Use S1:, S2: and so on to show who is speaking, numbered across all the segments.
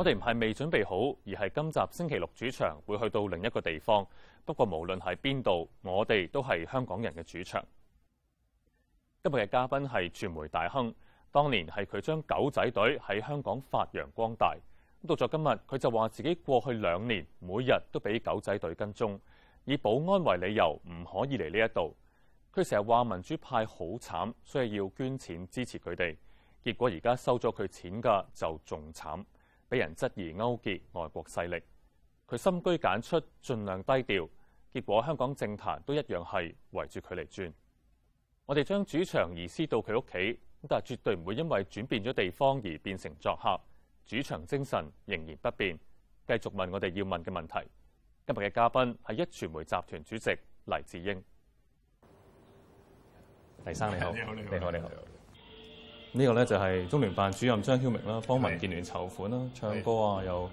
S1: 我哋唔係未準備好，而係今集星期六主場會去到另一個地方。不過無論係邊度，我哋都係香港人嘅主場。今日嘅嘉賓係傳媒大亨，當年係佢將狗仔隊喺香港發揚光大。到咗今日，佢就話自己過去兩年每日都俾狗仔隊跟蹤，以保安為理由唔可以嚟呢一度。佢成日話民主派好慘，所以要捐錢支持佢哋。結果而家收咗佢錢噶，就仲慘。俾人質疑勾結外國勢力，佢深居簡出，盡量低調。結果香港政壇都一樣係圍住佢嚟轉。我哋將主場移師到佢屋企，但係絕對唔會因為轉變咗地方而變成作客。主場精神仍然不變，繼續問我哋要問嘅問題。今日嘅嘉賓係壹傳媒集團主席黎智英。黎生你好，你好你好。呢個咧就係中聯辦主任張曉明啦，幫民建聯籌款啦，唱歌啊又，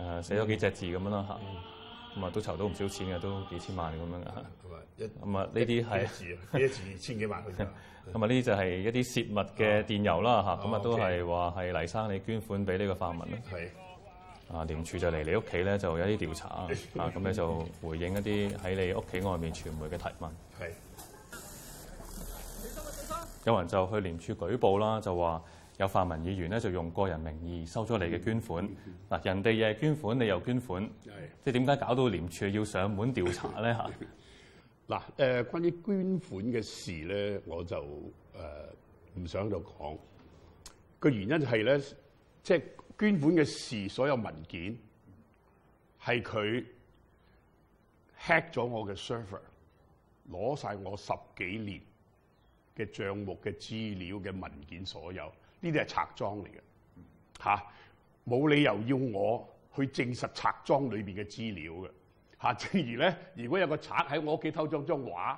S1: 誒寫咗幾隻字咁樣啦吓，咁啊，都籌到唔少錢嘅，都幾千萬咁樣嘅嚇。咁啊呢啲係幾一字？
S2: 幾一字千幾萬？
S1: 咁啊呢啲就係一啲涉密嘅電郵啦吓，咁啊都係話係黎生你捐款俾呢個泛民啦。係啊，廉署就嚟你屋企咧，就有啲調查啊，咁咧就回應一啲喺你屋企外面傳媒嘅提問。係。有人就去廉署舉報啦，就話有泛民議員咧就用個人名義收咗你嘅捐款。嗱，人哋又係捐款，你又捐款，
S2: 即係點解搞到廉署要上門調查咧？吓嗱、 呃，誒關於捐款嘅事咧，我就誒唔、呃、想度講個原因係、就、咧、是，即、就、係、是、捐款嘅事，所有文件係佢 hack 咗我嘅 server，攞晒我十幾年。嘅帳目嘅資料嘅文件，所有呢啲係賊贓嚟嘅嚇，冇、啊、理由要我去證實賊贓裏邊嘅資料嘅嚇、啊。正如咧，如果有個賊喺我屋企偷咗張畫，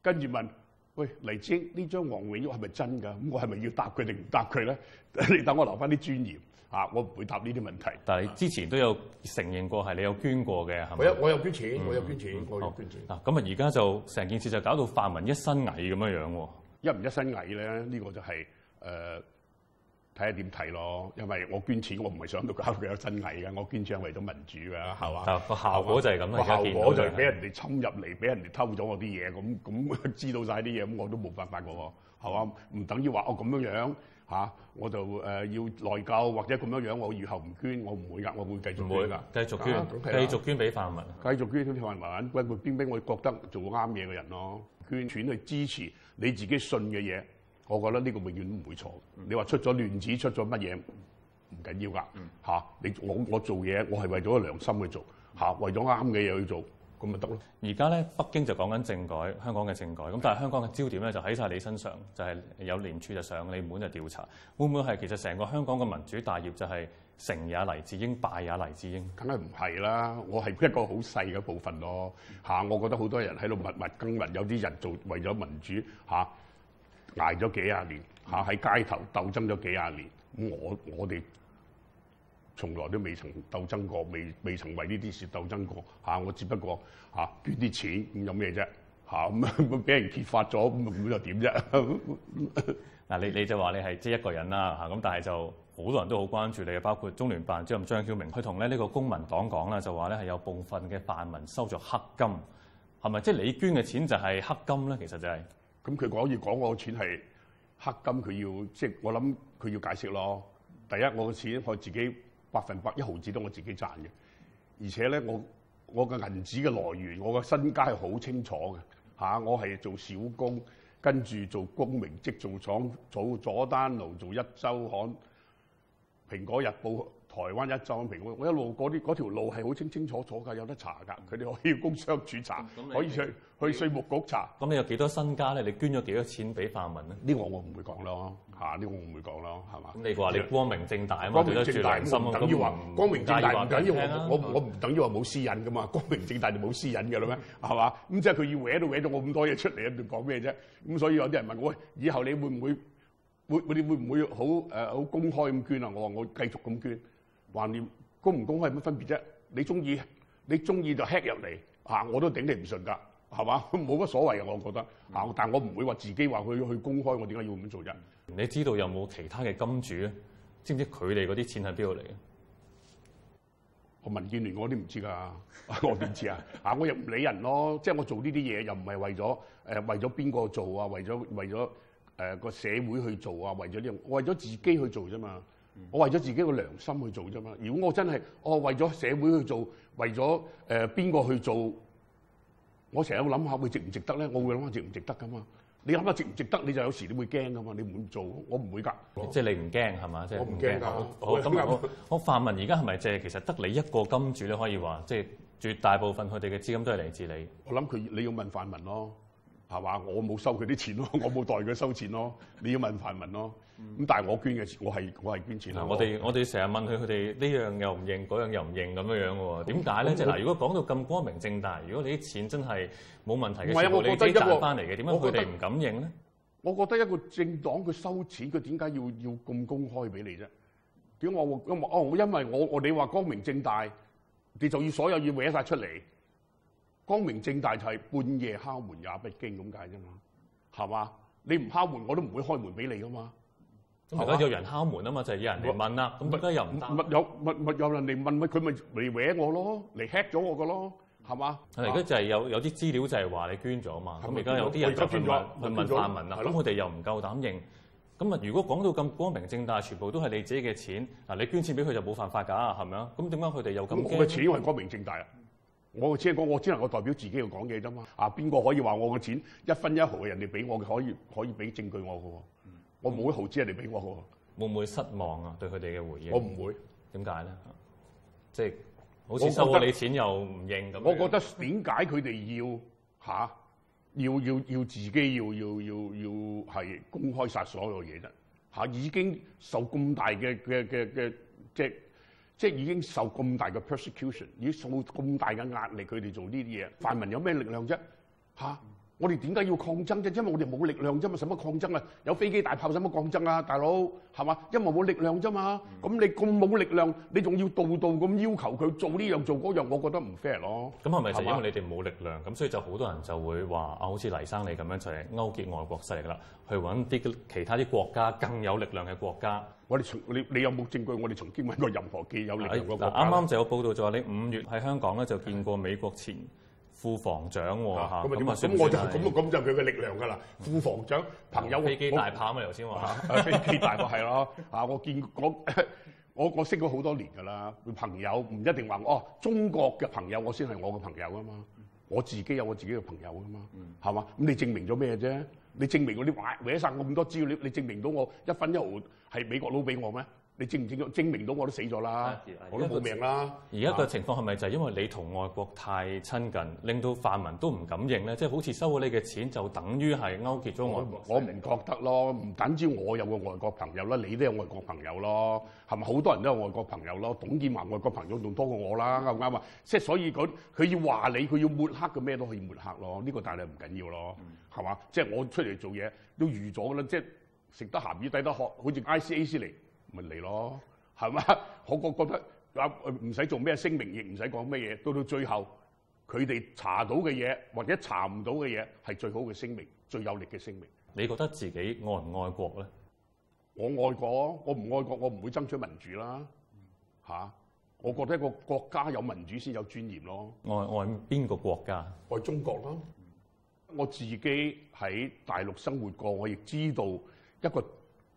S2: 跟住問，喂，黎智英呢張黃永玉係咪真㗎？咁我係咪要答佢定唔答佢咧？你等我留翻啲尊嚴嚇、啊，我唔會答呢啲問題。
S1: 但係之前都有承認過係你有捐過嘅。我有
S2: 我有捐錢，嗯、我有捐錢，嗯、我有捐
S1: 錢。嗱咁啊，而家、哦、就成件事就搞到泛民一身蟻咁樣樣
S2: 一唔一身蟻咧，呢、這個就係誒睇下點睇咯。因為我捐錢，我唔係想搞到搞佢有身蟻嘅。我捐錢係為咗民主㗎，係嘛？個效果就係咁嘅。就是、效果就係俾人哋侵入嚟，俾人哋偷咗我啲嘢，咁咁知道晒啲嘢，咁我都冇辦法喎，係嘛？唔等於話我咁樣樣嚇、啊，我就誒、呃、要內疚，或者咁樣樣，我以後唔捐，我唔會㗎，我會繼續捐㗎，繼續捐，繼、啊、續捐俾泛民，繼續捐俾泛民，包括邊邊我覺得做啱嘢嘅人咯，捐錢去支持。你自己信嘅嘢，我覺得呢個永遠唔會錯。你話出咗亂子出咗乜嘢唔緊要㗎，嚇！你、嗯、我我做嘢，我係為咗良心去做，嚇、嗯，為咗啱嘅嘢去做，咁咪得咯。
S1: 而家咧，北京就講緊政改，香港嘅政改，咁但係香港嘅焦點咧就喺晒你身上，就係、是、有廉署就上你門就調查，會唔會係其實成個香港嘅民主大業就係、是？成也黎智英，敗也黎智英。梗係唔係啦？
S2: 我係一個好細嘅部分咯。嚇，我覺得好多人喺度默默耕耘，有啲人做為咗民主嚇，捱、啊、咗幾廿年嚇，喺、啊、街頭鬥爭咗幾廿年。咁我我哋從來都未曾鬥爭過，未未曾為呢啲事鬥爭過。嚇、啊，我只不過嚇、啊、捐啲錢咁，有咩啫？嚇咁俾人揭發咗，咁、嗯嗯、又點啫？嗱， 你就說你就話你係即係一個人啦嚇，
S1: 咁但係就。好多人都好關注你，包括中聯辦主任張曉明佢同咧呢個公民黨講啦，就話咧係有部分嘅泛民收咗黑金，係咪即係你捐嘅錢就係黑金
S2: 咧？其實就係咁，佢講要講我個錢係黑金，佢要即係我諗佢要解釋咯。第一，我個錢我自己百分百一毫子都我自己賺嘅，而且咧我我嘅銀紙嘅來源，我嘅身家係好清楚嘅吓、啊，我係做小工，跟住做公明職，做廠做佐丹奴，做一週刊。《蘋果日報》台灣一週《蘋果》，我一路嗰啲嗰條路係好清清楚楚㗎，有得查㗎。佢哋可以工商註冊處查，可以去去稅務局查。咁你，你，你有幾多身家咧？你捐咗幾多錢俾泛民咧？呢個我唔會講咯。嚇、啊，呢、呢個我唔會講咯，係
S1: 嘛？咁你話你光明正大啊，光明正大，唔等於話不光明正大，唔緊要。我我
S2: 我唔等於話冇私隱㗎嘛？光明正大就冇私隱㗎啦咩？係嘛、嗯？咁即係佢要搲到搲到我咁多嘢出嚟，你講咩啫？咁所以有啲人問我：，以後你會唔會？你會我哋會唔會好誒好公開咁捐啊？我話我繼續咁捐，橫掂公唔公開有乜分別啫？你中意，你中意就 hack 入嚟嚇，我都頂你唔順㗎，係嘛？冇乜所謂嘅，我覺得嚇，嗯、但係我唔會話自己話去去公開，我點解要咁做啫？你知道有冇其他嘅金主咧？知唔知佢哋嗰啲錢喺邊度嚟？我民建聯我，我都唔知㗎，我點知啊？嚇，我又唔理人咯，即係我做呢啲嘢又唔係為咗誒為咗邊個做啊？為咗為咗。為誒個社會去做啊，為咗呢樣，為咗自己去做啫嘛。我為咗自己個良心去做啫嘛。如果我真係，我為咗社會去做，為咗誒邊個去做，去，做、哦去，做呃、去做，我成日諗下會值唔值得咧，我會諗下值唔值得噶嘛。你諗下值唔值得，你就有時你會驚噶嘛。你唔會做，我唔會㗎。即係你唔
S1: 驚係嘛？即係我唔驚㗎。咁我我，我泛民而家係咪即係其實得你一個金主咧可以話，即係絕大部分佢哋嘅資金都係嚟自你。
S2: 我諗佢你要問泛民咯。係嘛？我冇收佢啲錢咯，我冇代佢收錢咯。你要問泛民咯。咁但係我捐嘅錢，我係我係捐錢。我哋我
S1: 哋成日問佢，佢哋呢樣又唔認，嗰樣又唔認咁樣樣喎。點解咧？即係嗱，佢如果講到咁光明正大，如果你啲錢真係冇問題嘅，唔係我覺得一個，我覺得一個，
S2: 我覺得一個政黨佢收錢佢點解要要咁公開俾你啫？點我我因為哦，因為我我你話光明正大，你就要所有要搲曬出嚟。光明正大就係半夜敲門也不驚咁解啫嘛，係嘛？你唔敲門我都唔會開門俾你噶嘛。而家有人敲
S1: 門啊嘛，就係、是、有人嚟問啦。咁而家又唔
S2: 有咪咪有人嚟問咪佢咪嚟歪我咯，嚟 hack 咗我個咯，係嘛？而家就
S1: 係有有啲資料就係話你捐咗嘛。咁而家有啲人就去問吧去問辦。咁佢哋又唔夠膽認。咁啊吧，如果講到咁光明正大，全部都係你自己嘅錢。嗱，你捐錢俾佢就冇犯法㗎，係咪啊？咁點解佢哋又咁驚？我嘅錢係光明
S2: 正大啊！我只係講，我只能夠代表自己去講嘢啫嘛。啊，邊個可以話我嘅錢一分一毫嘅人哋俾我可以可以俾證據我嘅？我冇一毫子人哋俾我嘅、嗯嗯，會唔會失望啊？對
S1: 佢哋嘅回應，我唔
S2: 會。點解咧？即係好似收得你錢又唔應咁。我覺得點解佢哋要吓、啊，要要要自己要要要要係公開晒所有嘢啫嚇？已經受咁大嘅嘅嘅嘅即係。即係已經受咁大嘅 persecution，已經受咁大嘅壓力，佢哋做呢啲嘢，泛民有咩力量啫？嚇、啊！我哋點解要抗爭啫？因為我哋冇力量啫嘛，使乜抗爭啊？有飛機大炮使乜抗爭啊？大佬係嘛？因為冇力量啫嘛，咁、嗯、你咁冇力量，你仲要度度咁要求佢做呢樣做嗰樣，我覺得唔 fair 咯。咁係咪就係因為你
S1: 哋冇力量，咁吧所以就好多人就會話啊，好似黎生你咁樣就嚟、是、勾結外國勢力啦，去揾啲其他啲國家更有力量嘅國家。
S2: 我哋從你你有冇證據？我哋曾經揾過任何嘅有力量嗰個。啱啱
S1: 就有報道就話你五月喺香港咧就見過美國前。副房長喎、啊、嚇，咁啊咁我就咁
S2: 啊咁就佢嘅力量噶啦。副房長朋友飛機大炮啊嘛，頭先話飛機大炮係咯嚇。我見我我我識咗好多年噶啦，朋友唔一定話哦。中國嘅朋友我先係我嘅朋友啊嘛。我自己有我自己嘅朋友啊嘛，係嘛、嗯？咁你證明咗咩啫？你證明嗰啲搲歪晒咁多資料，你證明到我一分一毫係美國佬俾我咩？你證唔證到證明到我都死咗啦，啊啊、我都冇命啦。
S1: 而家嘅情況係咪就係因為你同外國太親近，令到泛民都唔敢認咧？即係好似收咗你嘅錢就等
S2: 於係勾結咗外國。我唔覺得咯，唔單止我有個外國朋友啦，你都有外國朋友咯，係咪好多人都有外國朋友咯？董建華外國朋友仲多過我啦，啱唔啱啊？即係所以佢佢要話你，佢要抹黑，佢咩都可以抹黑咯。呢個但係唔緊要咯，係嘛、嗯？即係我出嚟做嘢都預咗㗎啦，即係食得鹹魚抵得渴，好似 I C A C 嚟。咪嚟咯，係嘛？我覺得啊，唔使做咩聲明，亦唔使講咩嘢。到到最後，佢哋查到嘅嘢，或者查唔到嘅嘢，係最好嘅聲明，最有力嘅聲明。你覺得自己愛唔愛國咧？我愛國，我唔愛國，我唔會爭取民主啦。吓、啊，我覺得一個國家有民主先有尊嚴咯。愛愛邊個國家？愛中國咯。我自己喺大陸生活過，我亦知道一個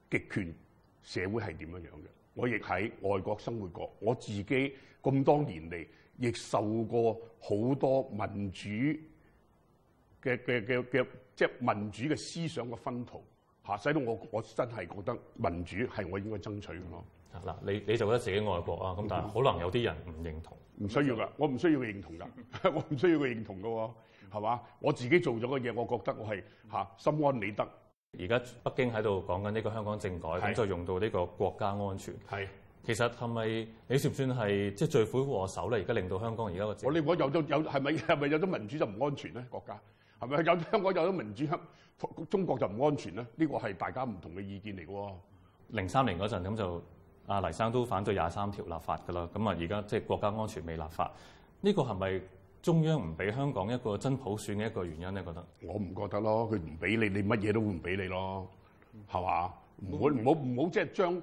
S2: 極權。社會係點樣樣嘅？我亦喺外國生活過，我自己咁多年嚟，亦受過好多民主嘅嘅嘅嘅，即係民主嘅思想嘅薰陶，嚇、啊！使到我我真係覺得民主係我應該爭取嘅
S1: 咯。嗱、嗯，你你就覺得自己外國啊？咁但係可能有啲人唔認同。唔需要噶，
S2: 我唔需要佢認同噶， 我唔需要佢認同嘅喎，係嘛？我自己做咗嘅嘢，我覺得我係嚇、啊、心安理得。
S1: 而家北京喺度講緊呢個香港政改，咁、啊、就用到呢個國家安全。係、啊，其實係咪你不算唔算係即係罪魁禍首咧？而家令到香港
S2: 而家個我，你我有咗有係咪係咪有咗民主就唔安全咧？國家係咪有香港有咗民主，中國就唔安全咧？呢、呢個係大家唔同嘅意見嚟。零三年嗰陣
S1: 咁就阿黎生都反對廿三條立法噶啦，咁啊而家即係國家安全未立法，呢、呢個係咪？中央唔俾香港一個真普選嘅一個原因咧，覺得
S2: 我唔覺得咯，佢唔俾你，你乜嘢都會唔俾你咯，係嘛？唔會唔好唔好即係將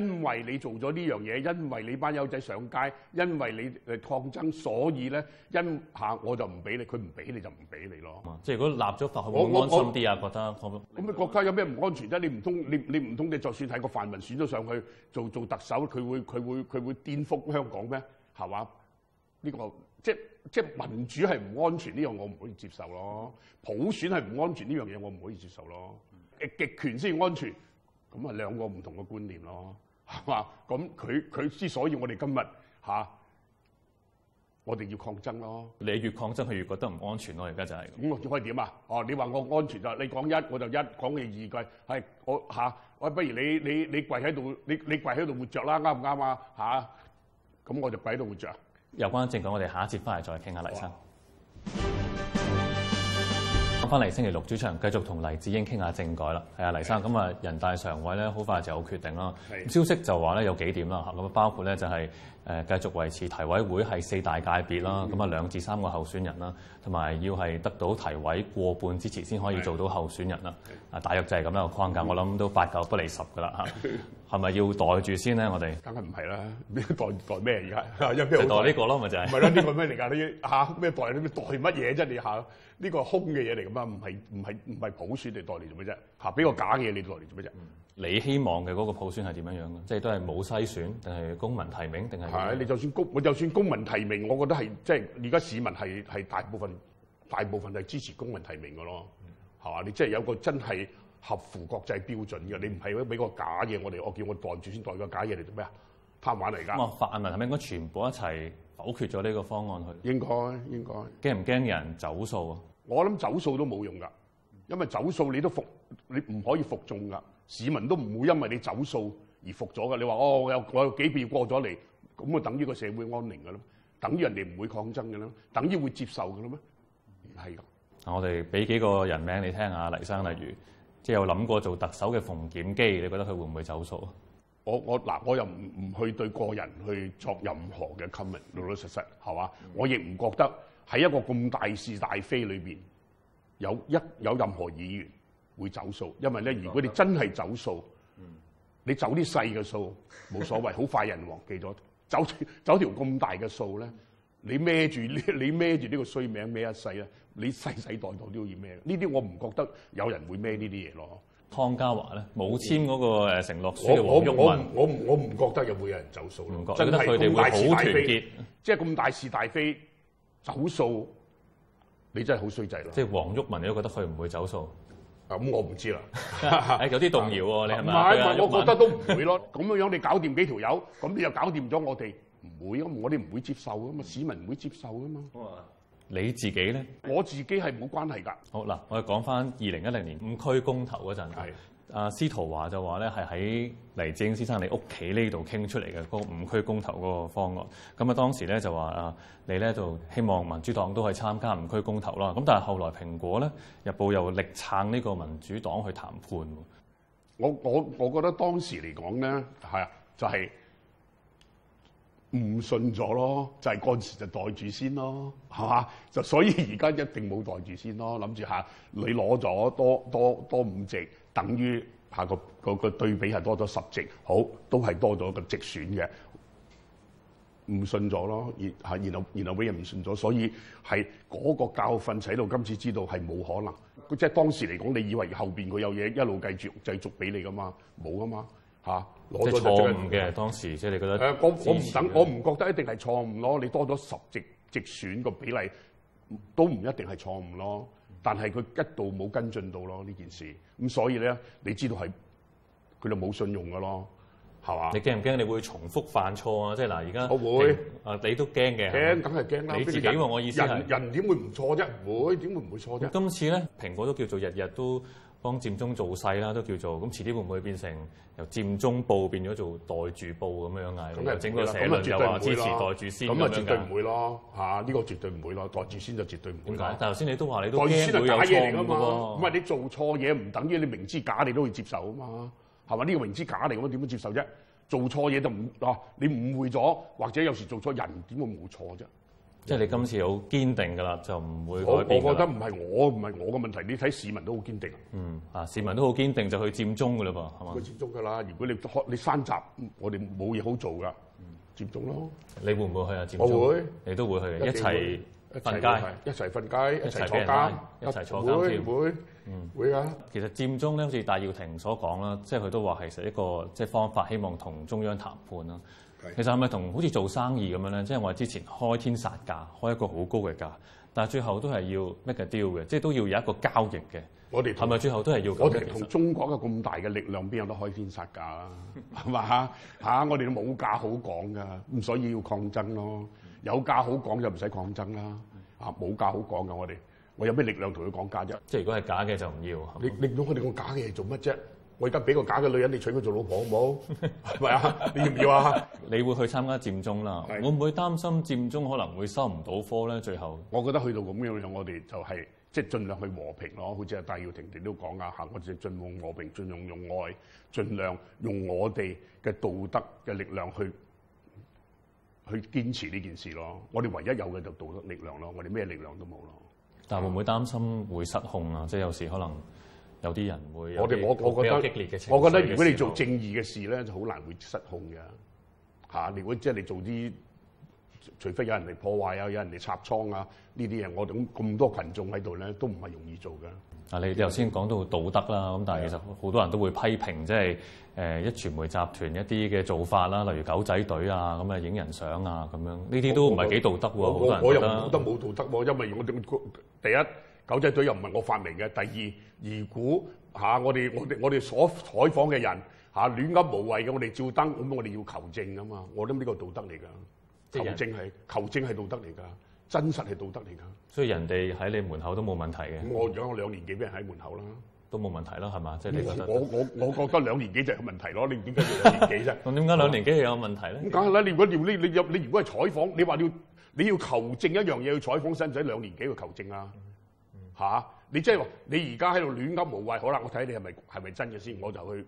S2: 因為你做咗呢樣嘢，因為你班友仔上街，因為你誒抗爭，所以咧因下我就唔俾你，佢唔俾你就唔俾你咯。即
S1: 係如果立咗法，佢會安心啲啊，覺得咁
S2: 你國家有咩唔安全啫？你唔通你你唔通你就算睇個泛民選咗上去做做特首，佢會佢會佢會顛覆香港咩？係嘛？呢個即係。即係民主係唔安全呢樣，我唔可以接受咯。普選係唔安全呢樣嘢，我唔可以接受咯。誒極權先安全，咁啊兩個唔同嘅觀念咯，係嘛？咁佢佢之所以我哋今日嚇，我哋要抗爭咯。
S1: 你越抗爭，佢越覺得唔安全咯。而家就係。
S2: 咁我點可以點啊？哦，你話我安全就係你講一我就一，講你二句係我嚇。我不如你你你跪喺度，你你跪喺度活着啦，啱唔啱啊？嚇，咁我就跪喺度活着。
S1: 有關政改，我哋下一節翻嚟再傾下黎生。翻嚟、啊、星期六主場，繼續同黎智英傾下政改啦。係啊，黎生。咁啊的，人大常委咧，好快就有決定啦。的消息就話咧，有幾點啦。咁包括咧，就係誒，繼續維持提委會係四大界別啦。咁啊、嗯，兩至三個候選人啦，同埋要係得到提委過半支持先可以做到候選人啦。啊的，大約就係咁樣嘅框架，嗯、我諗都八九不離十噶啦吓。 係咪要袋住先咧？我哋
S2: 梗係唔係啦？你袋袋咩而家？係袋呢個咯，咪就係。唔係啦，呢個咩嚟㗎？你嚇咩袋？你袋乜嘢啫？你嚇呢、啊呢個空嘅嘢嚟㗎嘛？唔係唔係唔係普選嚟袋嚟做咩啫？嚇！俾、啊、個假嘅嘢你袋嚟做咩啫？
S1: 你希望嘅嗰個普選係點樣樣
S2: 嘅？即係都係冇篩選，定係公民提名，定係？係、啊、你就算公，我就算公民提名，我覺得係即係而家市民係係大部分，大部分係支持公民提名㗎咯。係嘛、嗯啊？你即係有個真係。合乎國際標準嘅，你唔係會俾個假嘢我哋？我叫我袋住先袋個假嘢嚟做咩啊？貪玩嚟噶。咁啊，
S1: 泛民係咪應該全部一齊否決咗呢個方案
S2: 去？應該應該
S1: 驚唔驚人走數啊？
S2: 我諗走數都冇用㗎，因為走數你都服你唔可以服眾㗎。市民都唔會因為你走數而服咗㗎。你話哦，我有我有幾票過咗嚟，咁啊等於個社會安寧㗎咯，等於人哋唔會抗爭㗎咯，等於會接受㗎咯咩？唔係㗎。
S1: 我哋俾幾個人名你聽下，黎生例如。即有諗過做特首嘅馮檢基，你覺得佢會唔會走數啊？
S2: 我我嗱，我又唔唔去對個人去作任何嘅 comment 老老實實係嘛？嗯、我亦唔覺得喺一個咁大是大非裏邊有一有任何議員會走數，因為咧，如果你真係走數，嗯、你走啲細嘅數冇所謂，好快人忘記咗。走走條咁大嘅數咧～你孭住呢？你孭住呢個衰名孭一世啦！你世世代代都要孭，呢啲我唔覺得有人會孭呢啲嘢咯。
S1: 湯家驊咧冇簽嗰個承諾書，我我
S2: 我唔我唔我覺得又會有人走數咯。覺得佢哋會好團結，即係咁大是大非
S1: 走數，你真係好衰仔咯。即係黃毓民，你都覺得佢唔會走數？
S2: 咁我唔知啦，
S1: 有啲動搖喎，你係咪？我覺得
S2: 都唔會咯。咁樣樣你搞掂幾條友，咁你又搞掂咗我哋。唔會咁，我哋唔會接受啊嘛！市民唔會接受啊嘛！
S1: 你自己咧？
S2: 我自己係冇關係㗎。好
S1: 嗱，我哋講翻二零一零年五區公投嗰陣，係啊，司徒華就話咧係喺黎智英先生你屋企呢度傾出嚟嘅嗰五區公投嗰個方案。咁啊，當時咧就話啊，你咧就希望民主黨都係參加五區公投啦。咁但係後來蘋果咧日報又力撐呢個民主黨去談判。我
S2: 我我覺得當時嚟講咧，係啊，就係、是。唔信咗咯，就係嗰陣時就袋住先咯，係嘛？就所以而家一定冇袋住先咯，諗住嚇你攞咗多多多五席，等於下、啊、個個個對比係多咗十席，好都係多咗個直選嘅。唔信咗咯、啊，然係然後然後俾人唔信咗，所以係嗰、那個教訓使到今次知道係冇可能。即係當時嚟講，你以為後邊佢有嘢一路繼續繼續俾你噶嘛？冇啊嘛，嚇！攞錯誤
S1: 嘅當時，即係你覺得誒，我唔等，我唔
S2: 覺得一定係錯誤咯。你多咗十席直選個比例，都唔一定係錯誤咯。但係佢一度冇跟進到咯呢件事。咁所以咧，你知道係佢就冇信用嘅咯，係嘛？你驚唔驚？你會重複犯錯啊？即係嗱，而家我會啊，你都驚嘅。驚，梗係驚啦！你自己因、啊、我意思係人人點會唔錯啫？會點會唔會錯啫？今次咧，
S1: 蘋果都叫做日日都幫佔中做勢啦，都叫做咁，遲啲會唔會變成由佔中報變咗做代住報咁樣嗌？咁啊，整個社論又話支持代住先，咁啊絕對唔
S2: 會咯嚇，呢、呢個絕對唔會咯，代住先就絕對唔會搞。但頭先你都話你都代住先係假嘢嚟嘅嘛，咁啊你，你，你做錯嘢唔等於你明知假你都會接受啊嘛，係嘛？呢、呢個明知假嚟，我點樣接受啫？做錯嘢就唔啊，你誤會咗或者有時做錯人，點會冇錯啫？即
S1: 係你今次好堅定㗎啦，就唔會改變㗎。我我覺得唔
S2: 係我唔係我嘅問題，你睇市民都好堅定。
S1: 嗯啊，市民都好堅定，就去佔中㗎啦噃。係嘛？去佔
S2: 中㗎啦！如果你開你山集，我哋冇嘢好做㗎，佔中咯。你會唔會去啊？佔中？我會。你都會去一齊瞓街，一齊瞓街，一齊坐監，一齊坐監。會唔會？嗯，會啊。
S1: 其實佔中咧，好似戴耀廷所講啦，即係佢都話係一個即係方法，希望同中央談判啦。是其實係咪同好似做生意咁樣咧？即係我之前開天殺價，開一個好高嘅價，但係最後都係要 make a deal 嘅，即係都要有一個交易嘅。我哋係咪最後都係要？我哋同中
S2: 國嘅咁大嘅力量，邊有得開天殺價 是啊？係嘛吓？嚇，我哋都冇價好講噶，咁所以要抗爭咯。有價好講就唔使抗爭啦。啊，冇價好講噶，我哋我有咩力量同佢講價啫？即係如果係假嘅就唔要，你令到我哋個假嘅嘢做乜啫？我而家俾個假嘅女人你娶佢做老婆好唔好？
S1: 唔係啊， 你要唔要啊？你會去參加佔中啦？是會唔會擔心佔中可能會收唔到
S2: 科咧？最後我覺得去到咁樣樣，我哋就係即係盡量去和平咯。好似啊戴耀廷哋都講啊，行，我哋盡量和平，盡量用愛，儘量用我哋嘅道德嘅力量去去堅持呢件事咯。我哋唯一有嘅就道德力量咯。我哋咩力量都冇咯。嗯、
S1: 但會唔會擔心會失控啊？即係有時可能。有啲人會，我哋我我覺得，我覺得如果你做正
S2: 義嘅事咧，就好難會失控嘅嚇。你、啊、如果即係你做啲，除非有人嚟破壞啊，有人嚟插倉啊，呢啲嘢，我哋咁多群眾喺度咧，都唔係容易做嘅。
S1: 啊，你你頭先講到道德啦，咁但係其實好多人都會批評，即係誒壹傳媒集團一啲嘅做法啦，例如狗仔隊啊，咁啊影人相啊，咁樣呢啲都唔係幾道德喎。我我我又覺
S2: 得冇道德喎，因為我哋第一。狗仔隊又唔係我發明嘅。第二，如果嚇我哋我哋我哋所採訪嘅人嚇亂噏無謂嘅，我哋照燈，咁我哋要求證㗎嘛？我諗呢個道德嚟㗎，求證係求證係道德嚟㗎，真實係道德嚟㗎。
S1: 所以人哋喺你門口都冇問題嘅。我而、
S2: 嗯、我有兩年幾俾人喺門口啦，都冇問題啦，係嘛？即係、嗯、我我我覺得兩年幾就係有問題咯。你點解要兩年幾啫？咁
S1: 點解兩年幾係有問題咧？咁梗
S2: 係啦！你如果要你你你如果係採訪，你話要你要求證一樣嘢要採訪，使唔使兩年幾去求證啊？嚇、啊！你即係話你而家喺度亂噏無謂，好啦，我睇你係咪係咪真嘅先，我就去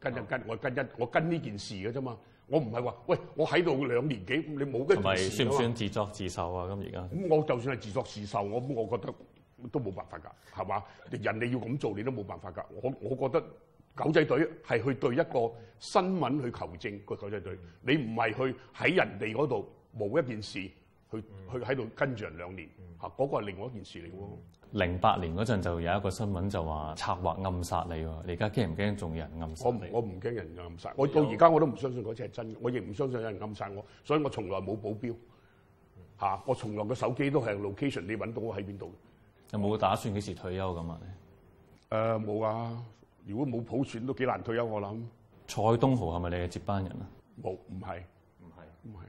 S2: 跟一跟，啊、我跟一我跟呢件事嘅啫嘛。我唔係話喂，我喺度兩年幾，你冇跟件事。算唔算
S1: 自作自受啊？咁而家
S2: 咁我就算係自作自受，我我覺得都冇辦法㗎，係嘛？人哋要咁做，你都冇辦法㗎。我我覺得狗仔隊係去對一個新聞去求證個狗仔隊，嗯、你唔係去喺人哋嗰度冇一件事去去喺度跟住人兩年。嗱，嗰、啊那個係另外一件事嚟嘅喎。
S1: 零八年嗰陣就有一個新聞就話策劃暗殺你喎。你而家驚唔驚？仲有人暗殺你？我唔，
S2: 我唔驚人暗殺為我。到而家我都唔相信嗰次係真嘅，我亦唔相信有人暗殺我，所以我從來冇保鏢。嚇、啊，我從來個手機都係 location，你揾到我喺邊度？啊、
S1: 有冇打算幾時退休咁啊？誒、
S2: 呃，冇啊！如果冇普選都幾難退休，我諗。
S1: 蔡東豪係咪你嘅接班人
S2: 啊？冇，唔係，唔係是，唔係。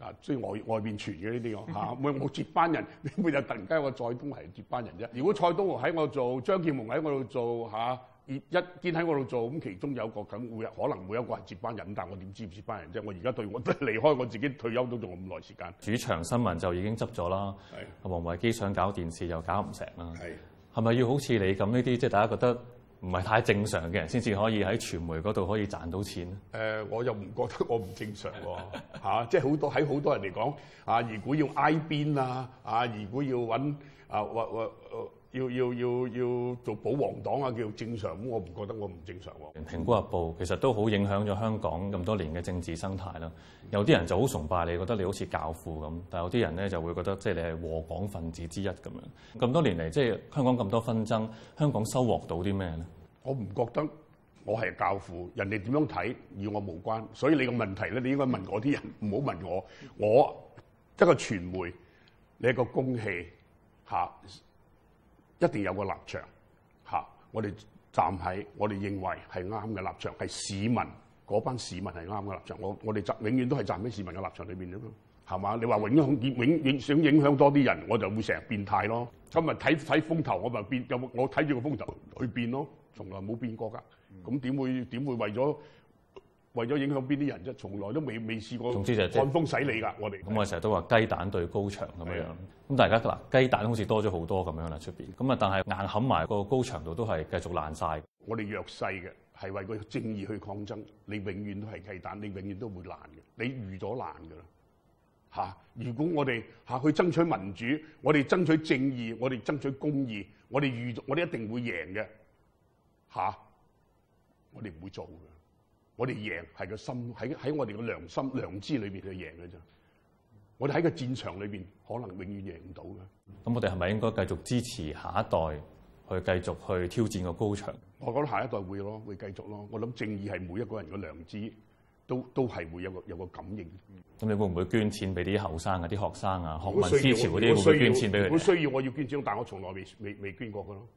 S2: 啊，即係外外面傳嘅呢啲㗎嚇，冇、啊、冇接班人？ 每日突然間我再東係接班人啫。如果蔡東豪喺我度做，張劍虹喺我度做嚇、啊，葉一堅喺我度做，咁其中有一個梗會可能會有一個係接班人，但我點知唔接班人啫？我而家對我都離開我自己退休都仲有咁耐時間。
S1: 主場新聞就已經執咗啦。係王維基想搞電視又搞唔成啦。係係咪要好似你咁呢啲？即係大家覺得。唔係太正常嘅人先至可以喺傳媒嗰度可以賺到錢。
S2: 誒、呃，我又唔覺得我唔正常喎、啊，嚇、 啊！即係好多喺好多人嚟講啊，如果要挨邊啊，啊，如果要揾啊，或、啊、或。啊要要要要做保皇黨啊，叫正常咁，我唔覺得我唔正常。蘋果
S1: 日報其實都好影響咗香港咁多年嘅政治生態啦。有啲人就好崇拜你，覺得你好似教父咁，但有啲人咧就會覺得即係你係禍港分子之一咁樣。咁多年嚟，即係香港咁多紛爭，香港收穫到啲咩咧？
S2: 我唔覺得我係教父，人哋點樣睇與我無關。所以你個問題咧，你應該問嗰啲人，唔好問我。我一、這個傳媒，你一個公器嚇。一定有個立場，嚇！我哋站喺我哋認為係啱嘅立場，係市民，嗰班市民係啱嘅立場。我，我哋就永遠都係站喺市民嘅立場裏邊啫嘛，係嘛？你話永遠影影想影響多啲人，我就會成日變態咯。今日睇睇風頭，我咪變。咁我睇住個風頭去變咯，從來冇變過㗎。咁點會點會為咗？為咗影響邊啲人啫？從來都未未試過。總之就即係寒風洗你㗎，我哋。
S1: 咁我成日都話雞蛋對高牆咁樣樣。但係而家嗱，雞蛋好似多咗好多咁樣喺出邊。咁啊，但係硬冚埋個高牆度都係繼
S2: 續爛晒。我哋弱勢嘅係為個正義去抗爭，你永遠都係雞蛋，你永遠都會爛嘅，你預咗爛㗎啦。嚇！如果我哋嚇去爭取民主，我哋爭取正義，我哋爭取公義，我哋預，我哋一定會贏嘅。嚇！我哋唔會做我哋贏係個心喺喺我哋個良心良知裏邊去贏嘅啫。我哋喺個戰場裏邊可能永遠贏唔到嘅。
S1: 咁我哋係咪應該繼續支持下一代去繼續去挑戰個高牆？
S2: 我覺得下一代會咯，會繼續咯。我諗正義係每一個人嘅良知，都都係會有一個有一個感應。
S1: 咁你會唔會捐錢俾啲後生啊、啲學生啊、學民思潮嗰啲會唔會捐錢俾佢哋？需要，
S2: 我要捐錢，但係我從來未未未捐過嘅咯。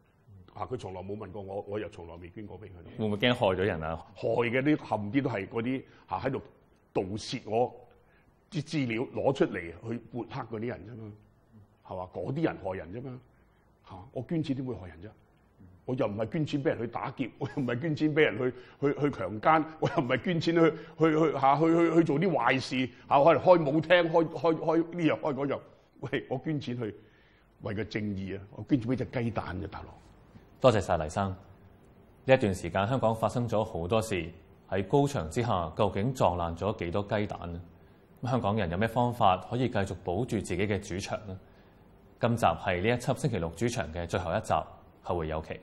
S2: 嚇！佢、啊、從來冇問過我，我又從來未捐過俾佢。會唔會驚害咗人啊？害嘅啲含啲都係嗰啲嚇喺度盜竊我啲資料攞出嚟去抹黑嗰啲人啫嘛，係嘛？嗰啲人害人啫嘛嚇！啊、我捐錢點會害人啫？我又唔係捐錢俾人去打劫，我又唔係捐錢俾人去去去，去強姦，我又唔係捐錢去去、啊、去嚇去去去做啲壞事嚇，可、啊、能開舞廳、開開開呢、這、樣、個、開嗰、那、樣、個。喂，我捐錢去為個正義啊！我捐錢俾隻雞蛋嘅，大佬。
S1: 多謝晒黎生。呢一段時間，香港發生咗好多事，喺高牆之下，究竟撞爛咗幾多雞蛋呢？香港人有咩方法可以繼續保住自己嘅主場呢？今集係呢一輯星期六主場嘅最後一集，後會有期。